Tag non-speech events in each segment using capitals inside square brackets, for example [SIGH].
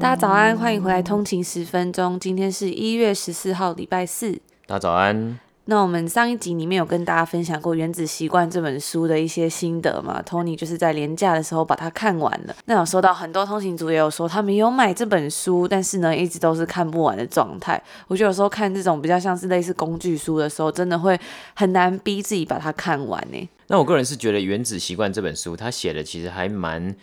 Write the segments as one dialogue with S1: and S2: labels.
S1: 大家早安，歡迎回來《通勤十分鐘》。今天是一月十四號，禮拜四。
S2: 大家早安。
S1: 那我們上一集裡面有跟大家分享過《原子習慣》這本書的一些心得嘛？Tony 就是在年假的時候把它看完了。那有收到很多通勤族也有說他們有買這本書，但是呢一直都是看不完的狀態。我覺得有時候看這種比較像是類似工具書的時候，真的會很難逼自己把它看完呢。
S2: 那我個人是覺得《原子習慣》這本書，它寫的其實還蠻。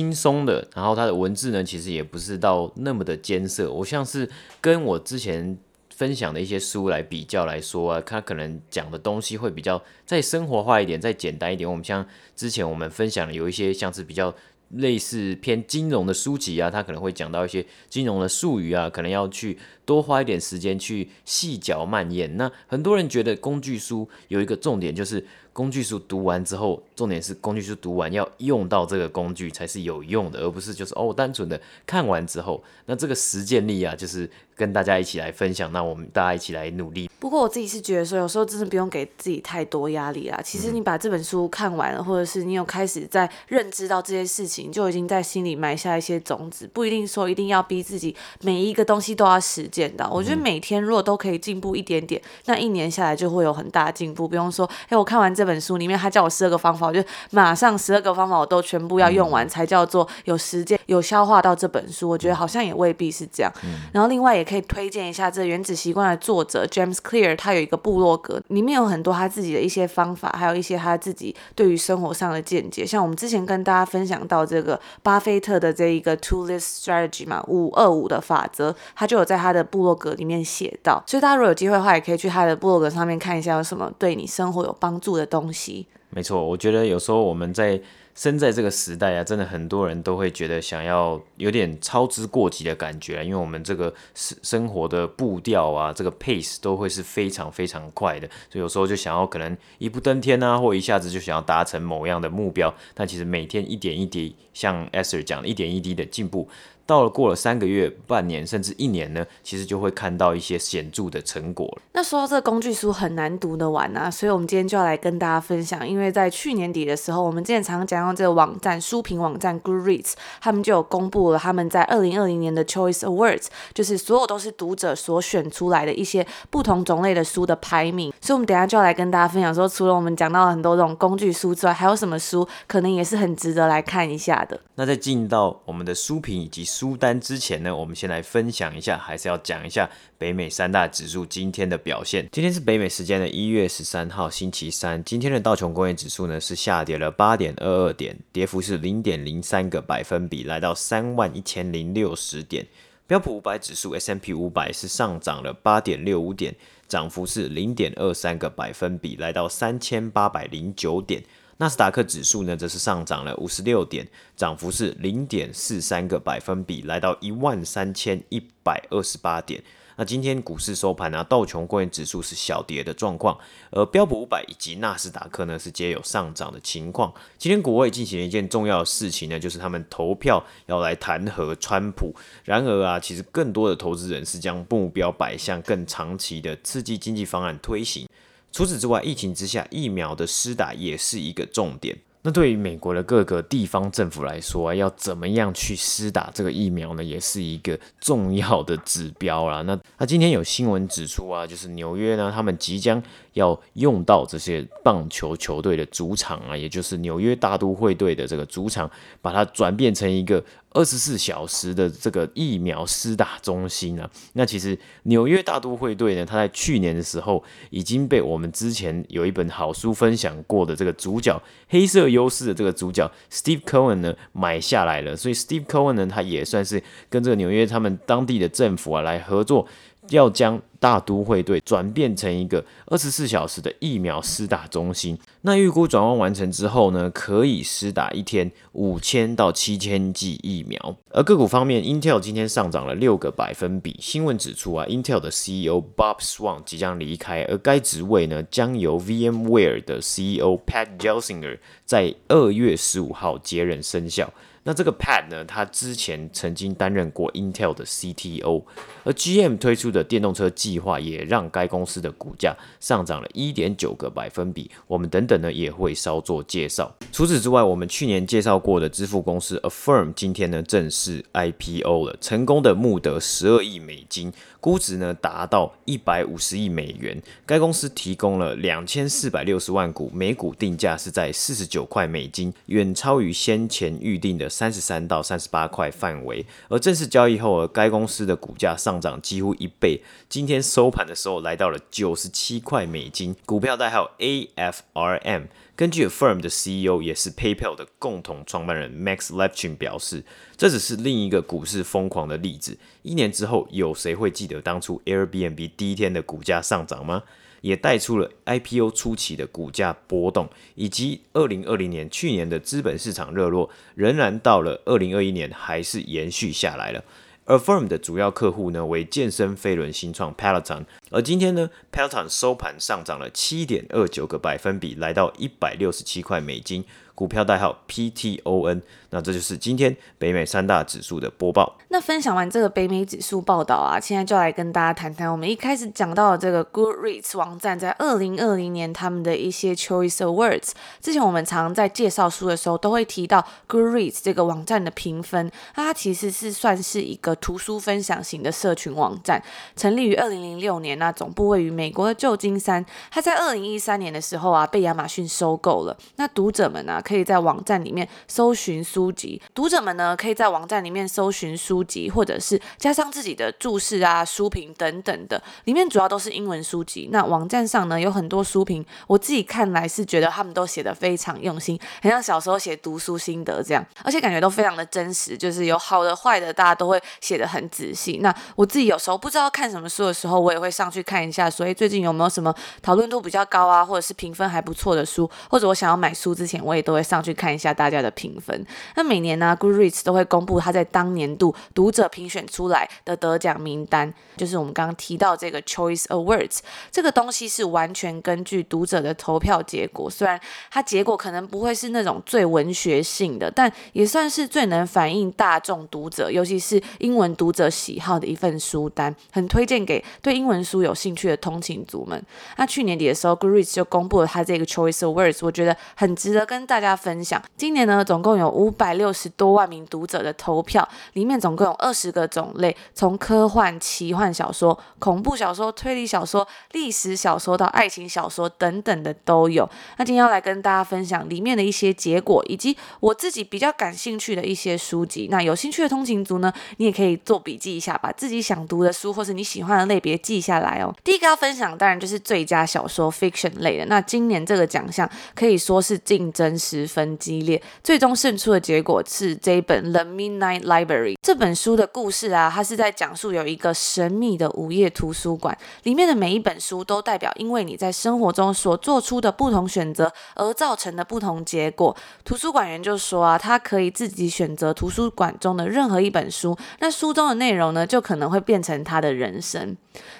S2: 輕鬆的，然後它的文字呢，其實也不是到那麼的艱澀。我像是跟我之前分享的一些書來比較來說啊，它可能講的東西會比較再生活化一點，再簡單一點。我們像之前我們分享的有一些像是比較類似偏金融的書籍啊，它可能會講到一些金融的術語啊，可能要去多花一點時間去細嚼慢嚥。那很多人覺得工具書有一個重點就是。工具書讀完之後，重點是工具書讀完要用到這個工具才是有用的，而不是就是哦，單純的看完之後，那這個實踐力啊，就是跟大家一起來分享，那我們大家一起來努力。
S1: 不過我自己是覺得說，有時候真的不用給自己太多壓力啦。其實你把這本書看完了，或者是你有開始在認知到這些事情，就已經在心裡埋下一些種子，不一定說一定要逼自己每一個東西都要實踐到。我覺得每天如果都可以進步一點點，那一年下來就會有很大進步。不用說，哎，我看完這。這本書裡面，他叫我十二個方法，我就馬上十二個方法，我都全部要用完，嗯、才叫做有時間。有消化到這本書，我覺得好像也未必是這樣。嗯。然後另外也可以推薦一下這《原子習慣》的作者 James Clear，他有一個部落格，裡面有很多他自己的一些方法，還有一些他自己對於生活上的見解。像我們之前跟大家分享到這個巴菲特的這一個 Two List Strategy 嘛，五二五的法則，他就有在他的部落格裡面寫到。所以大家如果有機會的話，也可以去他的部落格上面看一下有什麼對你生活有幫助的東西。
S2: 沒錯，我覺得有時候我們在生在這個時代啊，真的很多人都會覺得想要有點操之過急的感覺，因為我們這個生生活的步調啊，這個 pace 都會是非常非常快的，所以有時候就想要可能一步登天吶、啊，或一下子就想要達成某樣的目標，但其實每天一點一滴，像 Esther 講，一點一滴的進步。到了過了三個月、半年甚至一年呢，其實就會看到一些顯著的成果了。
S1: 那說到這個工具書很難讀得完啊，所以我們今天就要來跟大家分享。因為在去年底的時候，我們之前常常講到這個網站書評網站 Goodreads，他們就有公布了他們在二零二零年的 Choice Awards，就是所有都是讀者所選出來的一些不同種類的書的排名。所以我們等一下就要來跟大家分享說，除了我們講到很多這種工具書之外，還有什麼書可能也是很值得來看一下的。
S2: 那再進到我們的書評以及。書單之前呢，我們先來分享一下，還是要講一下北美三大指數今天的表現。今天是北美時間的一月十三號，星期三。今天的道瓊工業指數呢是下跌了八點二二點，跌幅是零點零三個百分比，來到三萬一千零六十點。標普五百指數 S M P 五百是上漲了八點六五點，漲幅是零點二三個百分比，來到三千八百零九點。納斯達克指數呢，則是上漲了五十六點，漲幅是零點四三個百分比，來到一萬三千一百二十八點。那今天股市收盤呢、啊，道瓊工業指數是小跌的狀況，而標普五百以及納斯達克呢，是皆有上漲的情況。今天國會進行了一件重要的事情呢，就是他們投票要來彈劾川普。然而啊，其實更多的投資人是將目標擺向更長期的刺激經濟方案推行。除此之外，疫情之下，疫苗的施打也是一個重點。那對於美國的各個地方政府來說，要怎麼樣去施打這個疫苗呢？也是一個重要的指標啦。那那今天有新聞指出啊，就是紐約呢，他們即將要用到這些棒球球隊的主場啊，也就是紐約大都會隊的這個主場，把它轉變成一個二十四小時的這個疫苗施打中心啊。那其實紐約大都會隊呢，它在去年的時候已經被我們之前有一本好書分享過的這個主角《黑色優勢》的這個主角 Steve Cohen 呢，買下來了。所以 Steve Cohen 呢，他也算是跟這個紐約他們當地的政府啊，來合作。要將大都會隊轉變成一個二十四小時的疫苗施打中心。那預估轉換完成之後呢，可以施打一天五千到七千劑疫苗。而個股方面，Intel 今天上漲了六個百分比。新聞指出啊，Intel 的 CEO Bob Swan 即將離開，而該職位呢，將由 VMware 的 CEO Pat Gelsinger 在二月十五號接任生效。那這個 Pat 呢，他之前曾經擔任過 Intel 的 CTO。而 GM 推出的電動車計劃也讓該公司的股價上漲了一點九個百分比。我們等等呢也會稍作介紹。除此之外，我們去年介紹過的支付公司 Affirm 今天呢正式 IPO 了，成功的募得十二億美金，估值呢達到一百五十億美元，該公司提供了兩千四百六十萬股，每股定價是在四十九塊美金，遠超於先前預定的三十三到三十八塊範圍。而正式交易後，該公司的股價上漲幾乎一倍，今天收盤的時候來到了九十七塊美金，股票代號 AFRM。根據 Affirm 的 CEO 也是 PayPal 的共同創辦人 Max Levchin 表示，這只是另一個股市瘋狂的例子。一年之後，有誰會記得當初 Airbnb 第一天的股價上漲嗎？也帶出了 IPO 初期的股價波動，以及二零二零年去年的資本市場熱絡，仍然到了二零二一年還是延續下來了。而 firm 的主要客戶呢為健身飛輪新創 Peloton，而今天呢 Peloton 收盤上漲了七點二九個百分比，來到一百六十七塊美金。股票代號 PTON。那這就是今天北美三大指數的播報。
S1: 那分享完這個北美指數報道啊，現在就來跟大家談談我們一開始講到的這個 Goodreads 網站，在二零二零年他們的一些 Choice Awards。之前我們常在介紹書的時候都會提到 Goodreads 這個網站的評分。它其實是算是一個圖書分享型的社群網站，成立於二零零六年，啊，那總部位於美國的舊金山。它在二零一三年的時候啊，被亞馬遜收購了。那讀者們呢、啊？可以在網站裡面搜尋書籍，讀者們呢可以在網站裡面搜尋書籍，或者是加上自己的註釋啊、書評等等的。裡面主要都是英文書籍。那網站上呢有很多書評，我自己看來是覺得他們都寫的非常用心，很像小時候寫讀書心得這樣，而且感覺都非常的真實，就是有好的、壞的，大家都會寫的很仔細。那我自己有時候不知道看什麼書的時候，我也會上去看一下，說，哎，最近有沒有什麼討論度比較高啊，或者是評分還不錯的書，或者我想要買書之前，我也都，會上去看一下大家的評分。那每年呢，Goodreads 都會公布他在當年度讀者評選出來的得獎名單，就是我們剛剛提到這個 Choice Awards。這個東西是完全根據讀者的投票結果，雖然它結果可能不會是那種最文學性的，但也算是最能反映大眾讀者，尤其是英文讀者喜好的一份書單。很推薦給對英文書有興趣的通勤族們。那去年底的時候，Goodreads 就公布了他這個 Choice Awards，我覺得很值得跟大。大家分享，今年呢總共有五百六十多萬名讀者的投票，裡面總共有二十個種類，從科幻、奇幻小說、恐怖小說、推理小說、歷史小說到愛情小說等等的都有。那今天要來跟大家分享裡面的一些結果，以及我自己比較感興趣的一些書籍。那有興趣的通勤族呢，你也可以做筆記一下，把自己想讀的書或是你喜歡的類別記下來哦。第一個要分享當然就是最佳小說 fiction 類的，那今年這個獎項可以說是競爭。十分激烈，最終勝出的結果是這本《The Midnight Library》這本書的故事啊，它是在講述有一個神秘的午夜圖書館，裡面的每一本書都代表因為你在生活中所做出的不同選擇而造成的不同結果。圖書館員就說啊，他可以自己選擇圖書館中的任何一本書，那書中的內容呢，就可能會變成他的人生。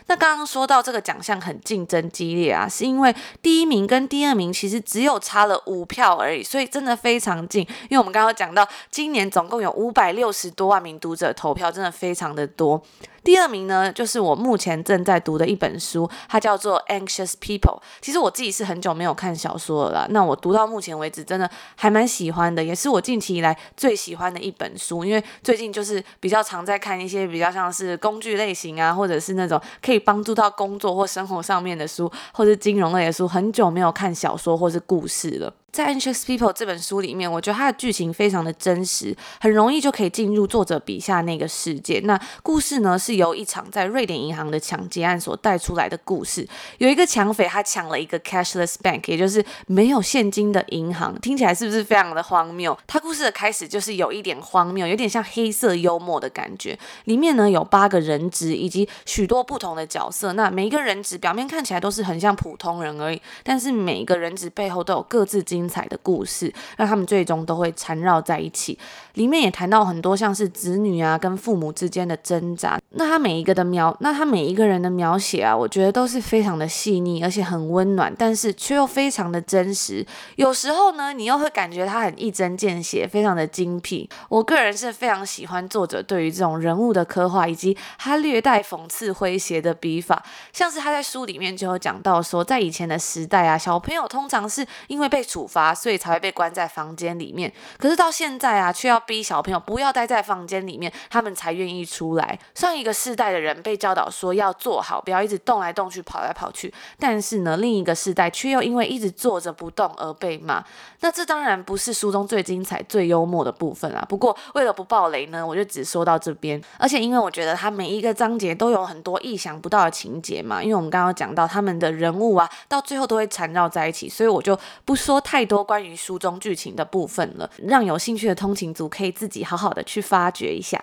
S1: 那剛剛說到這個獎項很競爭激烈啊，是因為第一名跟第二名其實只有差了五票而已。所以真的非常近，因為我們剛剛講到，今年總共有五百六十多萬名讀者投票，真的非常的多。第二名呢，就是我目前正在讀的一本書，它叫做《Anxious People》。其實我自己是很久沒有看小說了啦，那我讀到目前為止，真的還蠻喜歡的，也是我近期以來最喜歡的一本書。因為最近就是比較常在看一些比較像是工具類型啊，或者是那種可以幫助到工作或生活上面的書，或是金融類的書。很久沒有看小說或是故事了。在《Anxious People》這本書裡面，我覺得它的劇情非常的真實，很容易就可以進入作者筆下那個世界。那故事呢，是由一場在瑞典銀行的搶劫案所帶出來的故事。有一個搶匪，他搶了一個 cashless bank，也就是沒有現金的銀行，聽起來是不是非常的荒謬？他故事的開始就是有一點荒謬，有點像黑色幽默的感覺。裡面呢，有八個人質以及許多不同的角色。那每一個人質表面看起來都是很像普通人而已，但是每一個人質背後都有各自經歷精彩的故事，讓他們最終都會纏繞在一起。裡面也談到很多像是子女啊跟父母之間的掙扎。那他每一個的描，那他每一個人的描寫啊，我覺得都是非常的細膩，而且很溫暖，但是卻又非常的真實。有時候呢，你又會感覺他很一針見血，非常的精闢。我個人是非常喜歡作者對於這種人物的刻畫，以及他略帶諷刺詼諧的筆法。像是他在書裡面就有講到說，在以前的時代啊，小朋友通常是因為被處。罰，所以才會被關在房間裡面。可是到現在啊，卻要逼小朋友不要待在房間裡面，他們才願意出來。上一個世代的人被教導說要坐好，不要一直動來動去、跑來跑去。但是呢，另一個世代卻又因為一直坐着不動而被罵。那這當然不是書中最精彩、最幽默的部分啊。不過為了不暴雷呢，我就只說到這邊。而且因為我覺得他每一個章節都有很多意想不到的情節嘛，因為我們剛剛講到他們的人物啊，到最後都會纏繞在一起，所以我就不說太。太多關於書中劇情的部分了，讓有興趣的通勤族可以自己好好的去發掘一下。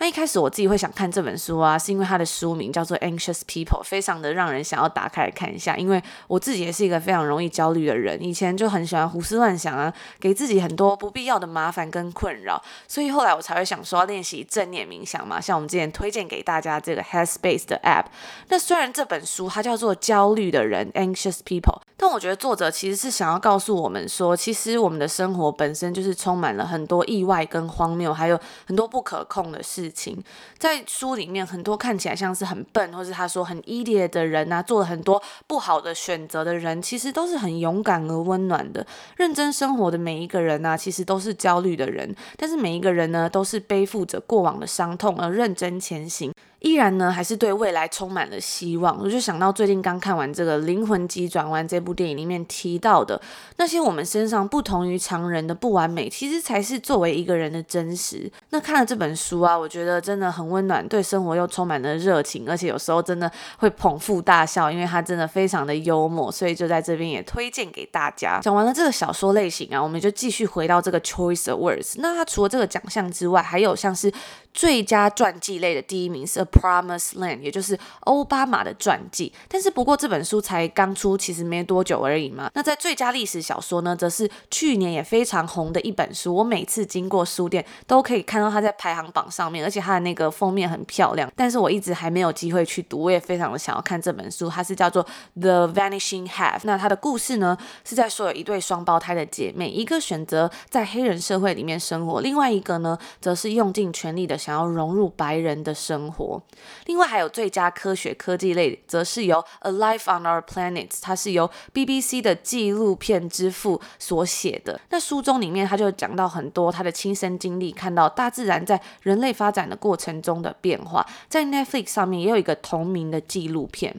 S1: 那一開始我自己會想看這本書啊，是因為它的書名叫做 Anxious People，非常的讓人想要打開來看一下。因為我自己也是一個非常容易焦慮的人，以前就很喜歡胡思亂想啊，給自己很多不必要的麻煩跟困擾，所以後來我才會想說要練習正念冥想嘛。像我們之前推薦給大家這個 Headspace 的 app。那雖然這本書它叫做焦慮的人 Anxious People，但我覺得作者其實是想要告訴我們。說，其實我們的生活本身就是充滿了很多意外跟荒謬，還有很多不可控的事情。在書裡面，很多看起來像是很笨，或是他說很惡劣的人啊，做了很多不好的選擇的人，其實都是很勇敢而溫暖的。認真生活的每一個人啊，其實都是焦慮的人，但是每一個人呢，都是背負着過往的傷痛而認真前行。依然呢，還是對未來充滿了希望。我就想到最近剛看完這個《靈魂急轉彎》完這部電影裡面提到的那些我們身上不同於常人的不完美，其實才是作為一個人的真實。那看了這本書啊，我覺得真的很溫暖，對生活又充滿了熱情，而且有時候真的會捧腹大笑，因為它真的非常的幽默。所以就在這邊也推薦給大家。講完了這個小說類型啊，我們就繼續回到這個 Choice Awards。那它除了這個獎項之外，還有像是最佳傳記類的第一名是。Promised Land，也就是奧巴馬的傳記，但是不過這本書才剛出，其實沒多久而已嘛。那在最佳歷史小說呢，則是去年也非常紅的一本書。我每次經過書店都可以看到它在排行榜上面，而且它的那個封面很漂亮。但是我一直還沒有機會去讀，我也非常的想要看這本書。它是叫做《The Vanishing Half》。那它的故事呢，是在說有一對雙胞胎的姐妹，一個選擇在黑人社會裡面生活，另外一個呢，則是用盡全力的想要融入白人的生活。另外還有最佳科學科技類，則是由《A Life on Our Planets》，它是由 BBC 的紀錄片之父所寫的。那書中裡面他就講到很多他的親身經歷，看到大自然在人類發展的過程中的變化。在 Netflix 上面也有一個同名的紀錄片。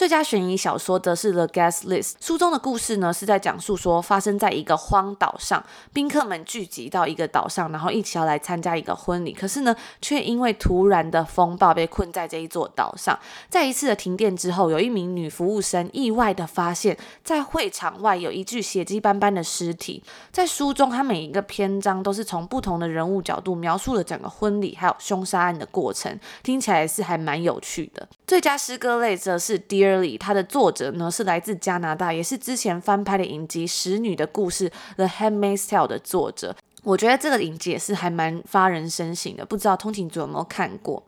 S1: 最佳懸疑小說則是《The Guest List》。書中的故事呢，是在講述說，發生在一個荒島上，賓客們聚集到一個島上，然後一起要來參加一個婚禮。可是呢，卻因為突然的風暴被困在這一座島上。在一次的停電之後，有一名女服務生意外地發現，在會場外有一具血跡斑斑的屍體。在書中，她每一個篇章都是從不同的人物角度描述了整個婚禮，還有兇殺案的過程，聽起來是還蠻有趣的。最佳詩歌類則是《Dearly》，它的作者呢，是來自加拿大，也是之前翻拍的影集《使女的故事》《The Handmaid's Tale》的作者。我覺得這個影集也是還蠻發人深省的，不知道通勤組有沒有看過？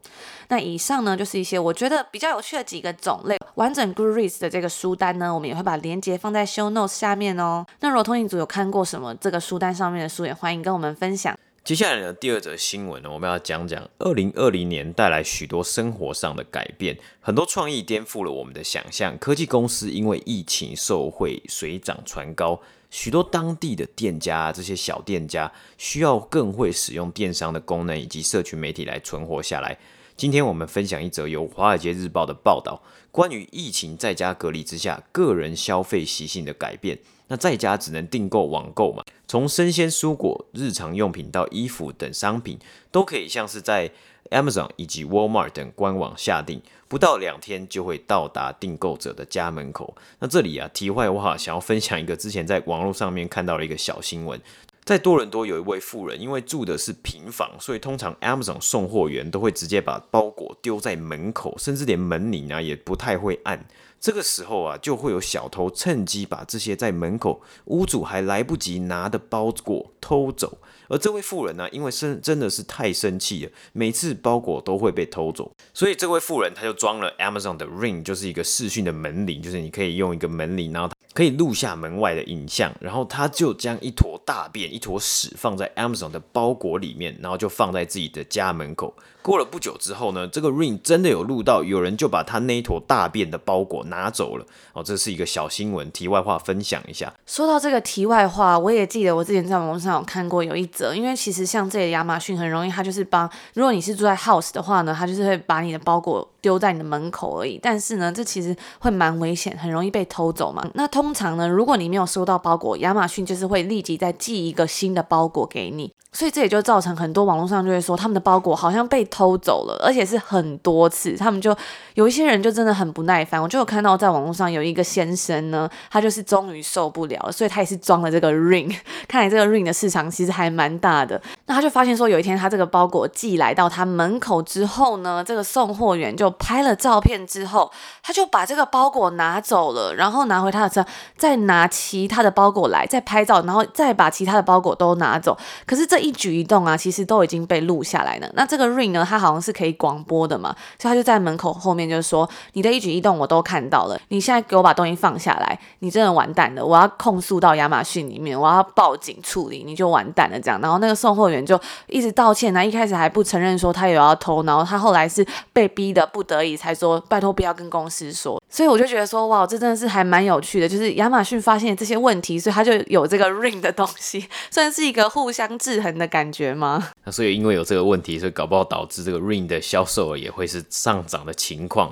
S1: 那以上呢，就是一些我覺得比較有趣的幾個種類。完整 Goodreads 的這個書單呢，我們也會把鏈接放在 Show Notes 下面哦。那如果通勤組有看過什麼這個書單上面的書，也歡迎跟我們分享。
S2: 接下來的第二則新聞呢，我們要講講二零二零年帶來許多生活上的改變，很多創意顛覆了我們的想象。科技公司因為疫情受惠，水漲船高，許多當地的店家，這些小店家需要更會使用電商的功能以及社群媒體來存活下來。今天我們分享一則由《華爾街日報》的報道，關於疫情在家隔離之下個人消費習性的改變。那在家只能訂購網購嘛？從生鮮蔬果、日常用品到衣服等商品，都可以像是在 Amazon 以及 Walmart 等官網下訂，不到兩天就會到達訂購者的家門口。那這裡啊，題外話，想要分享一個之前在網絡上面看到的一個小新聞，在多倫多有一位富人，因為住的是平房，所以通常 Amazon 送貨員都會直接把包裹丟在門口，甚至連門鈴啊也不太會按。這個時候啊，就會有小偷趁機把這些在門口屋主還來不及拿的包裹偷走。而這位富人呢，啊，因為生真的是太生氣了，每次包裹都會被偷走，所以這位富人他就裝了 Amazon 的 Ring，就是一個視訊的門鈴，就是你可以用一個門鈴，然後可以錄下門外的影像，然後他就將一坨大便、一坨屎放在 Amazon 的包裹裡面，然後就放在自己的家門口。過了不久之後呢，這個 Ring 真的有錄到有人就把他那一坨大便的包裹拿走了。哦，這是一個小新聞，題外話分享一下。
S1: 說到這個題外話，我也記得我之前在網絡上有看過有一則。因為其實像這些亞馬遜，很容易，它就是幫。如果你是住在 house 的話呢，它就是會把你的包裹丟在你的門口而已。但是呢，這其實會蠻危險，很容易被偷走嘛。那通常呢，如果你沒有收到包裹，亞馬遜就是會立即再寄一個新的包裹給你。所以這也就造成很多網絡上就會說他們的包裹好像被偷走了，而且是很多次。他們就有一些人就真的很不耐煩，我就有看到在網絡上有一個先生呢，他就是終於受不了，所以他也是裝了這個 Ring。看來這個 Ring 的市場其實還蠻大的。那他就發現說有一天他這個包裹寄來到他門口之後呢，這個送貨員就拍了照片之後，他就把這個包裹拿走了，然後拿回他的車，再拿其他的包裹來，再拍照，然後再把其他的包裹都拿走。可是這一舉一動啊，其實都已經被錄下來了。那這個 Ring 呢，它好像是可以廣播的嘛，所以他就在門口後面就，就是說你的一舉一動我都看到了。你現在給我把東西放下來，你真的完蛋了，我要控訴到亞馬遜裡面，我要報警處理，你就完蛋了這樣。然後那個送貨員就一直道歉啊，然後一開始還不承認說他有要偷，然後他後來是被逼的不得已才說拜托不要跟公司說。所以我就覺得說哇，這真的是還蠻有趣的，就是亞馬遜發現了這些問題，所以他就有這個 Ring 的東西，算是一個互相制衡。的感覺
S2: 嗎？那所以因為有這個問題，所以搞不好導致這個 Ring 的銷售額也會是上漲的情況。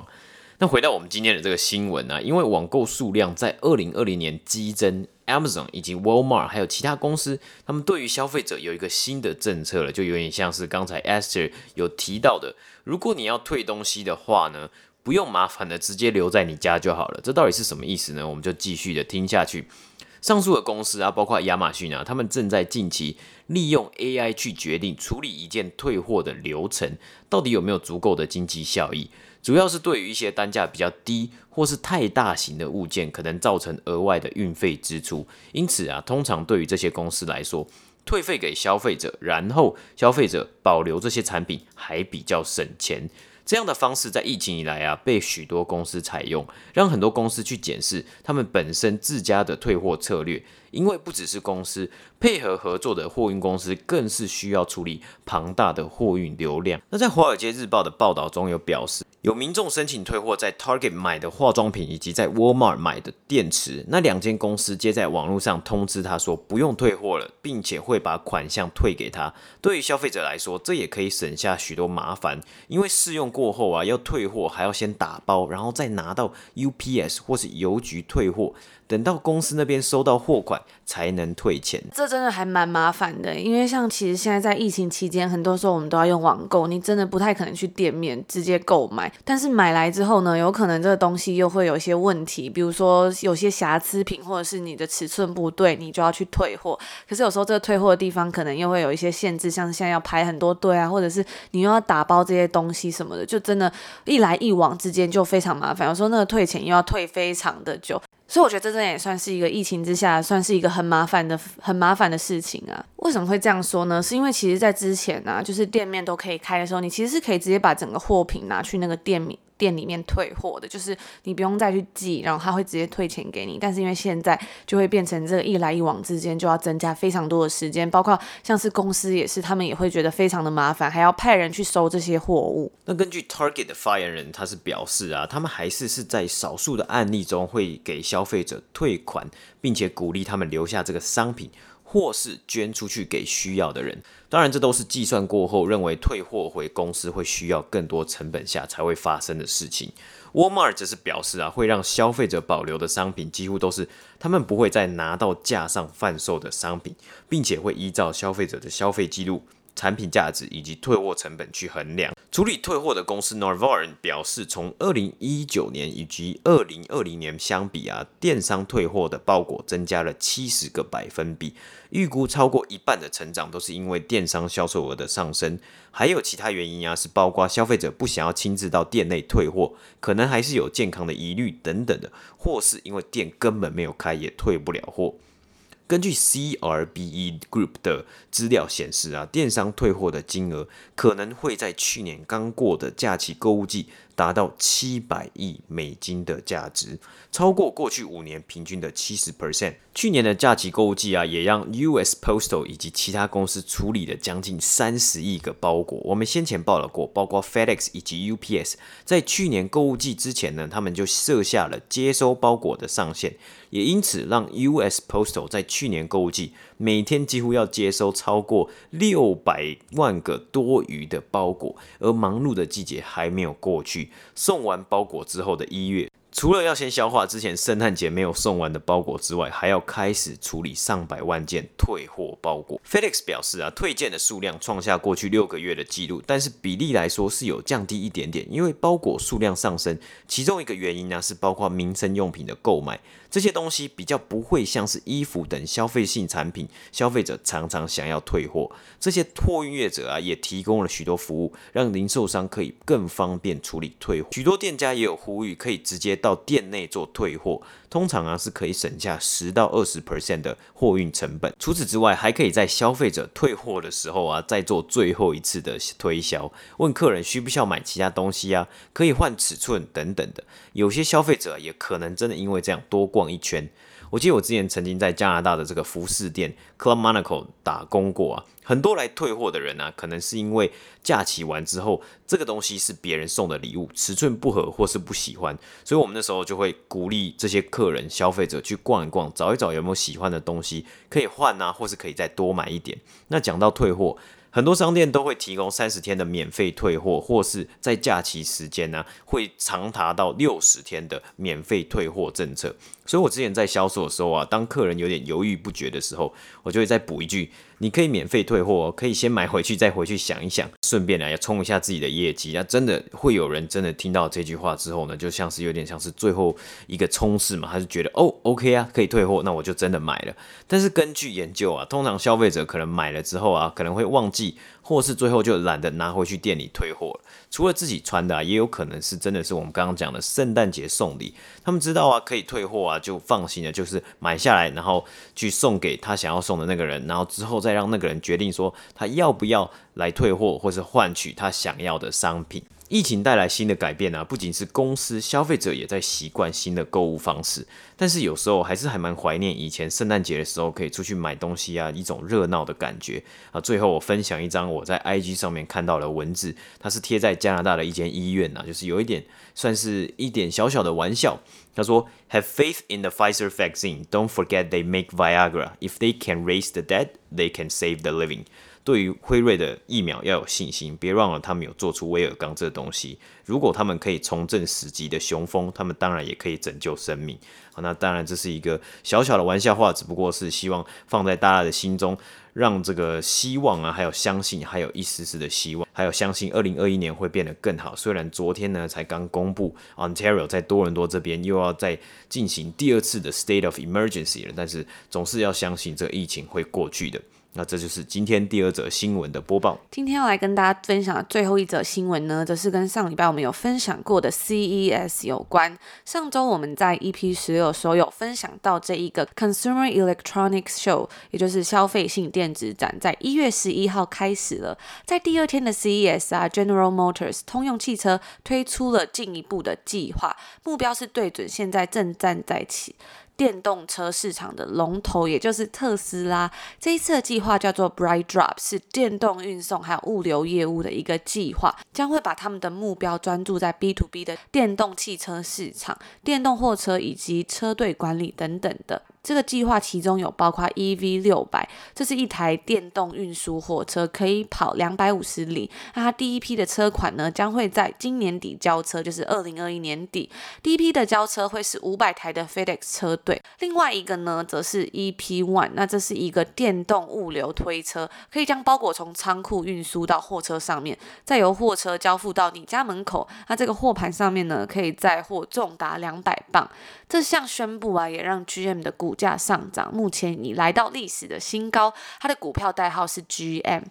S2: 那回到我們今天的這個新聞啊，因為網購數量在二零二零年激增，Amazon 以及 Walmart 還有其他公司，他們對於消費者有一個新的政策了，就有點像是剛才 Esther 有提到的，如果你要退東西的話呢，不用麻煩的，直接留在你家就好了。這到底是什麼意思呢？我們就繼續的聽下去。上述的公司啊，包括亞馬遜啊，他們正在近期利用 AI 去決定處理一件退貨的流程，到底有沒有足夠的經濟效益。主要是對於一些單價比較低，或是太大型的物件，可能造成額外的運費支出。因此啊，通常對於這些公司來說，退費給消費者，然後消費者保留這些產品，還比較省錢。這樣的方式在疫情以來啊，被許多公司採用，讓很多公司去檢視他們本身自家的退貨策略。因為不只是公司，配合合作的貨運公司更是需要處理龐大的貨運流量。那在《華爾街日報》的報道中有表示，有民眾申請退貨，在 Target 買的化妝品以及在 Walmart 買的電池，那兩間公司皆在網絡上通知他說不用退貨了，並且會把款項退給他。對於消費者來說，這也可以省下許多麻煩，因為試用過後啊，要退貨還要先打包，然後再拿到 UPS 或是郵局退貨，等到公司那邊收到貨款。才能退錢，
S1: 這真的還蠻麻煩的。因為像其實現在在疫情期間，很多時候我們都要用網購，你真的不太可能去店面直接購買。但是買來之後呢，有可能這個東西又會有一些問題，比如說有些瑕疵品，或者是你的尺寸不對，你就要去退貨。可是有時候這個退貨的地方可能又會有一些限制，像是現在要排很多隊啊，或者是你又要打包這些東西什麼的，就真的，一來一往之間就非常麻煩。有時候那個退錢又要退非常的久。所以我覺得這真的也算是一個疫情之下，算是一個很麻煩的、很麻煩的事情啊。為什麼會這樣說呢？是因為其實在之前呢、啊，就是店面都可以開的時候，你其實是可以直接把整個貨品拿去那個店面。店裡面退貨的，就是你不用再去寄，然後他會直接退錢給你。但是因為現在就會變成這個一來一往之間，就要增加非常多的時間，包括像是公司也是，他們也會覺得非常的麻煩，還要派人去收這些貨物。
S2: 那根據 Target 的發言人，他是表示啊，他們還是是在少數的案例中會給消費者退款，並且鼓勵他們留下這個商品。或是捐出去給需要的人，當然這都是計算過後認為退貨回公司會需要更多成本下才會發生的事情。沃爾瑪則是表示啊，會讓消費者保留的商品幾乎都是他們不會再拿到架上販售的商品，並且會依照消費者的消費記錄。產品價值以及退貨成本去衡量。處理退貨的公司 Norvorn 表示，從二零一九年以及二零二零年相比啊，電商退貨的包裹增加了七十個百分比，預估超過一半的成長都是因為電商銷售額的上升，還有其他原因啊，是包括消費者不想要親自到店內退貨，可能還是有健康的疑慮等等的，或是因為店根本沒有開也退不了貨。根據 CBRE Group 的資料顯示啊，電商退貨的金額可能會在去年剛過的假期購物季達到七百億美金的價值，超過過去五年平均的七十 percent。去年的假期購物季啊，也讓 US Postal 以及其他公司處理了將近三十億個包裹。我們先前報了過，包括 FedEx 以及 UPS，在去年購物季之前呢，他們就設下了接收包裹的上限。也因此讓 US Postal 在去年購物季每天幾乎要接收超過六百萬個多餘的包裹，而忙碌的季節還沒有過去，送完包裹之後的一月，除了要先消化之前聖誕節沒有送完的包裹之外，還要開始處理上百萬件退貨包裹。Felix 表示啊，退件的數量創下過去六個月的記錄，但是比例來說是有降低一點點，因為包裹數量上升，其中一個原因呢，啊，是包括民生用品的購買，這些東西比較不會像是衣服等消費性產品，消費者常常想要退貨。這些託運業者啊也提供了許多服務，讓零售商可以更方便處理退貨。許多店家也有呼籲可以直接。到店內做退貨，通常啊是可以省下十到二十 percent 的貨運成本。除此之外，還可以在消費者退貨的時候啊，再做最後一次的推銷，問客人需不需要買其他東西啊，可以換尺寸等等的。有些消費者也可能真的因為這樣多逛一圈。我記得我之前曾經在加拿大的這個服飾店 Club Monaco 打工過啊，很多來退貨的人啊，可能是因為假期完之後，這個東西是別人送的禮物，尺寸不合或是不喜歡，所以我們那時候就會鼓勵這些客人，消費者去逛一逛，找一找有沒有喜歡的東西可以換啊，或是可以再多買一點。那講到退貨。很多商店都會提供三十天的免費退貨，或是在假期時間呢、啊，會長達到六十天的免費退貨政策。所以，我之前在銷售的時候啊，當客人有點猶豫不決的時候，我就會再補一句：你可以免費退貨哦，可以先買回去再回去想一想。順便來要衝一下自己的業績，那真的會有人真的聽到這句話之後呢，就像是有點像是最後一個衝刺嘛，他就覺得哦，OK 啊，可以退貨，那我就真的買了。但是根據研究啊，通常消費者可能買了之後啊，可能會忘記。或是最後就懶得拿回去店裡退貨了。除了自己穿的啊，也有可能是真的是我們剛剛講的聖誕節送禮，他們知道啊可以退貨啊，就放心了，就是買下來，然後去送給他想要送的那個人，然後之後再讓那個人決定說他要不要來退貨，或是換取他想要的商品。疫情帶來新的改變呢、啊，不僅是公司，消費者也在習慣新的購物方式。但是有時候還是還蠻懷念以前聖誕節的時候可以出去買東西啊，一種熱鬧的感覺啊。最後我分享一張我在 IG 上面看到的文字，它是貼在加拿大的一間醫院呢、啊，就是有一點算是一點小小的玩笑。他說：“Have faith in the Pfizer vaccine. Don't forget they make Viagra. If they can raise the dead, they can save the living.” 對於輝瑞的疫苗要有信心，別忘了他們有做出威爾剛這東西。如果他們可以重振死寂的雄風，他們當然也可以拯救生命。好，那當然這是一個小小的玩笑話，只不過是希望放在大家的心中，讓這個希望啊，還有相信，還有一絲絲的希望，還有相信二零二一年會變得更好。雖然昨天呢才剛公布，Ontario 在多倫多這邊又要再進行第二次的 State of Emergency 了，但是總是要相信這個疫情會過去的。那這就是今天第二則新聞的播報。
S1: 今天要來跟大家分享的最後一則新聞呢，則是跟上禮拜我們有分享過的 CES 有關。上周我們在 EP 十六的時候有分享到這一個 Consumer Electronics Show，也就是消費性電子展，在一月十一號開始了。在第二天的 CES 啊，General Motors 通用汽車推出了進一步的計劃，目標是對準現在正站在起。電動車市場的龍頭，也就是特斯拉。這一次的計劃叫做 Bright Drop，是電動運送還有物流業務的一個計劃，將會把他們的目標專注在 B to B 的電動汽車市場、電動貨車以及車隊管理等等的。這個計劃其中有包括 E V 六百，這是一台電動運輸貨車，可以跑兩百五十里。那它第一批的車款呢，將會在今年底交車，就是二零二一年底。第一批的交車會是五百台的 FedEx 車隊。另外一個呢，則是 E P one，那這是一個電動物流推車，可以將包裹從倉庫運輸到貨車上面，再由貨車交付到你家門口。那這個貨盤上面呢，可以載貨重達兩百磅。這項宣布啊，也讓 G M 的股。股價上漲，目前已來到歷史的新高。它的股票代號是 GM。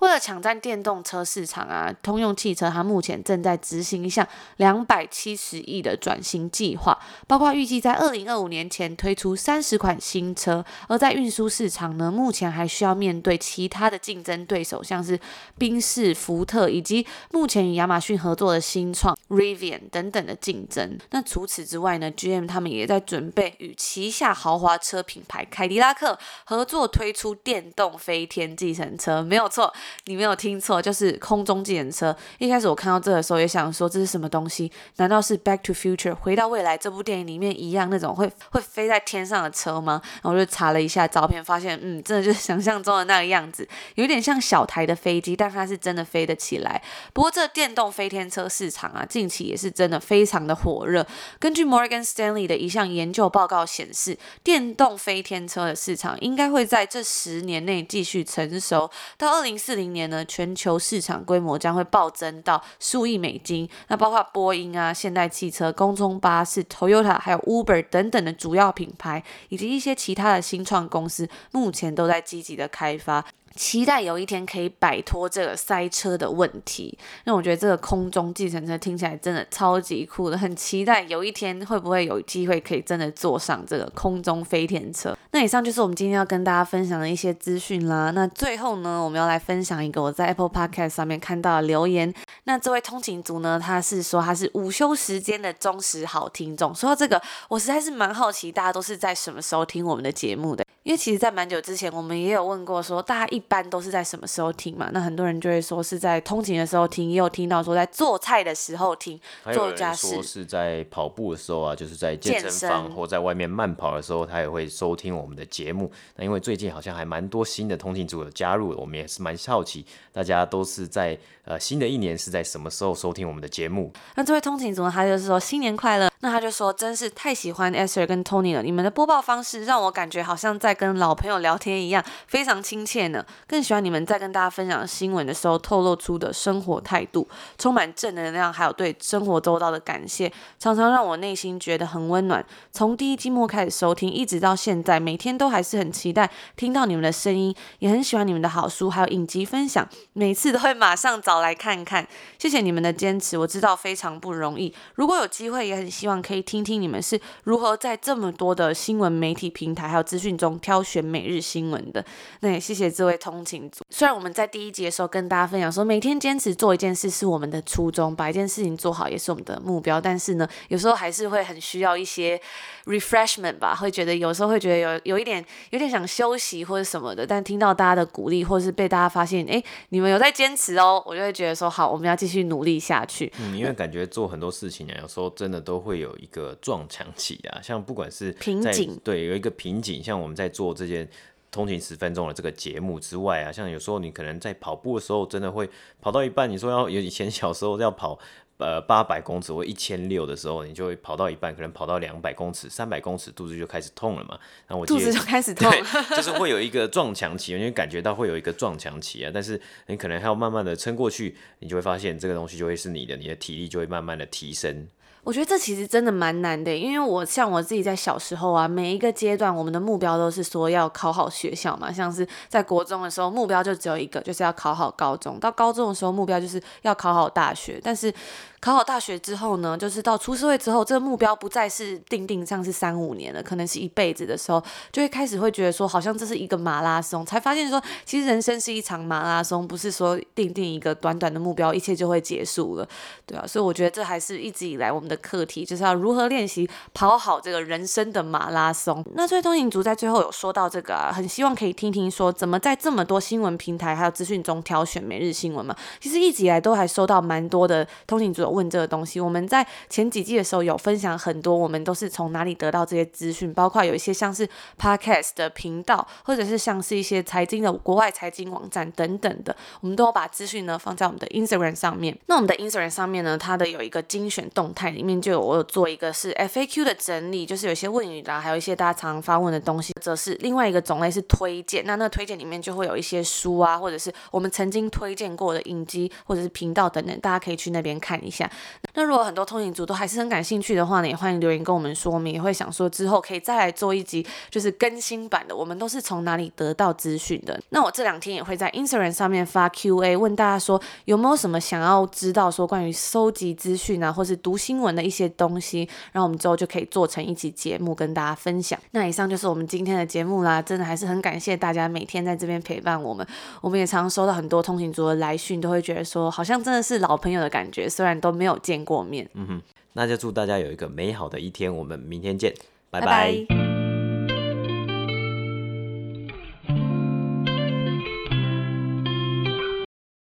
S1: 為了搶占電動車市場啊，通用汽車它目前正在執行一項兩百七十億的轉型計劃，包括預計在二零二五年前推出三十款新車。而在運輸市場呢，目前還需要面對其他的競爭對手，像是賓士、福特以及目前與亞馬遜合作的新創 Rivian 等等的競爭。那除此之外呢，GM 他們也在準備與旗下豪華花車品牌凱迪拉克合作推出電動飛天計程車，沒有錯，你沒有聽錯，就是空中計程車。一開始我看到這個的時候也想說，這是什麼東西？難道是《Back to Future》回到未來這部電影裡面一樣那種會會飛在天上的車嗎？然後我就查了一下照片，發現嗯，真的就是想象中的那個樣子，有點像小台的飛機，但它是真的飛得起來。不過這電動飛天車市場啊，近期也是真的非常的火熱。根據 Morgan Stanley 的一項研究報告顯示，電動飛天車的市場應該會在這十年內繼續成熟，到二零四零年呢，全球市場規模將會暴增到數億美金。那包括波音啊、現代汽車、空中巴士、Toyota，還有 Uber 等等的主要品牌，以及一些其他的新創公司，目前都在積極的開發。期待有一天可以擺脫這個塞車的問題，因為我覺得這個空中計程車聽起來真的超級酷的，很期待有一天會不會有機會可以真的坐上這個空中飛天車。那以上就是我們今天要跟大家分享的一些資訊啦。那最後呢，我們要來分享一個我在 Apple Podcast 上面看到的留言。那這位通勤族呢，他是說他是午休時間的忠實好聽眾。說到這個，我實在是蠻好奇大家都是在什麼時候聽我們的節目的，因為其實在蠻久之前我們也有問過說大家一。一般都是在什麼時候聽嘛？那很多人就會說是在通勤的時候聽，也有聽到說在做菜的時候聽。還有人說是
S2: 在跑步的時候啊，就是在健身房健身或在外面慢跑的時候，他也會收聽我們的節目。那因為最近好像還蠻多新的通勤族有加入，我們也是蠻好奇，大家都是在呃新的一年是在什麼時候收聽我們的節目？
S1: 那這位通勤族呢，他就是說新年快樂。那他就說，真是太喜歡 Asher 跟 Tony 了。你們的播報方式讓我感覺好像在跟老朋友聊天一樣，非常親切呢。更喜歡你們在跟大家分享新聞的時候透露出的生活態度，充滿正能量，還有對生活周到的感謝，常常讓我內心覺得很溫暖。從第一季末開始收聽，一直到現在，每天都還是很期待聽到你們的聲音，也很喜歡你們的好書還有影集分享，每次都會馬上找來看看。謝謝你們的堅持，我知道非常不容易。如果有機會，也很希望。可以聽聽你們是如何在這麼多的新聞媒體平台還有資訊中挑選每日新聞的。那也謝謝這位通勤族。雖然我們在第一集的時候跟大家分享說，每天堅持做一件事是我們的初衷，把一件事情做好也是我們的目標，但是呢，有時候還是會很需要一些 refreshment 吧，會覺得有時候會覺得有有一點有點想休息或者什麼的。但聽到大家的鼓勵，或者是被大家發現，哎、欸，你們有在堅持哦、喔，我就會覺得說，好，我們要繼續努力下去。嗯，因為
S2: 感覺做很多事情啊，有時候真的都會。有一個撞牆期啊，像不管是瓶頸，對，有一個瓶頸。像我們在做這件“通勤十分鐘”的這個節目之外啊，像有時候你可能在跑步的時候，真的會跑到一半，你說要有以前小時候要跑呃八百公尺或一千六的時候，你就會跑到一半，可能跑到兩百公尺、三百公尺，肚子就開始痛了嘛。然後我肚子就開始痛，就是會有一個撞牆期，因 [LAUGHS] 為感覺到會有一個撞牆期啊。但是你可能還要慢慢的撐過去，你就會發現這個東西就會是你的，你的體力就會慢慢的提升。
S1: 我覺得這其實真的蠻難的，因為我像我自己在小時候啊，每一個階段我們的目標都是說要考好學校嘛，像是在國中的時候目標就只有一個，就是要考好高中；到高中的時候目標就是要考好大學。但是考好大學之後呢，就是到出社會之後，這個目標不再是定定像是三五年了，可能是一輩子的時候，就會開始會覺得說好像這是一個馬拉松，才發現說其實人生是一場馬拉松，不是說定定一個短短的目標，一切就會結束了，對啊，所以我覺得這還是一直以來我們的。的課題就是要如何練習跑好這個人生的馬拉松。那所以通行族在最後有說到這個、啊，很希望可以聽聽說怎麼在這麼多新聞平台還有資訊中挑選每日新聞嘛？其實一直以來都還收到蠻多的通行族有問這個東西。我們在前幾季的時候有分享很多，我們都是從哪裡得到這些資訊，包括有一些像是 Podcast 的頻道，或者是像是一些財經的國外財經網站等等的，我們都有把資訊呢放在我們的 Instagram 上面。那我們的 Instagram 上面呢，它的有一個精選動態。裡面就有我有做一個是 FAQ 的整理，就是有些問語啊，啊還有一些大家常常發問的東西，則是另外一個種類是推薦。那那推薦裡面就會有一些書啊，或者是我們曾經推薦過的影集或者是頻道等等，大家可以去那邊看一下。那如果很多通勤族都還是很感興趣的話呢，也歡迎留言跟我們說明，也會想說之後可以再來做一集，就是更新版的。我們都是從哪裡得到資訊的？那我這兩天也會在 Instagram 上面發 QA，問大家說有沒有什麼想要知道說關於收集資訊啊，或是讀新聞。的一些東西，然後我們之後就可以做成一期節目跟大家分享。那以上就是我們今天的節目啦，真的還是很感謝大家每天在這邊陪伴我們。我們也常常收到很多通勤族的來訊，都會覺得說好像真的是老朋友的感覺，雖然都沒有見過面。嗯
S2: 哼，那就祝大家有一個美好的一天，我們明天見，拜拜。拜拜。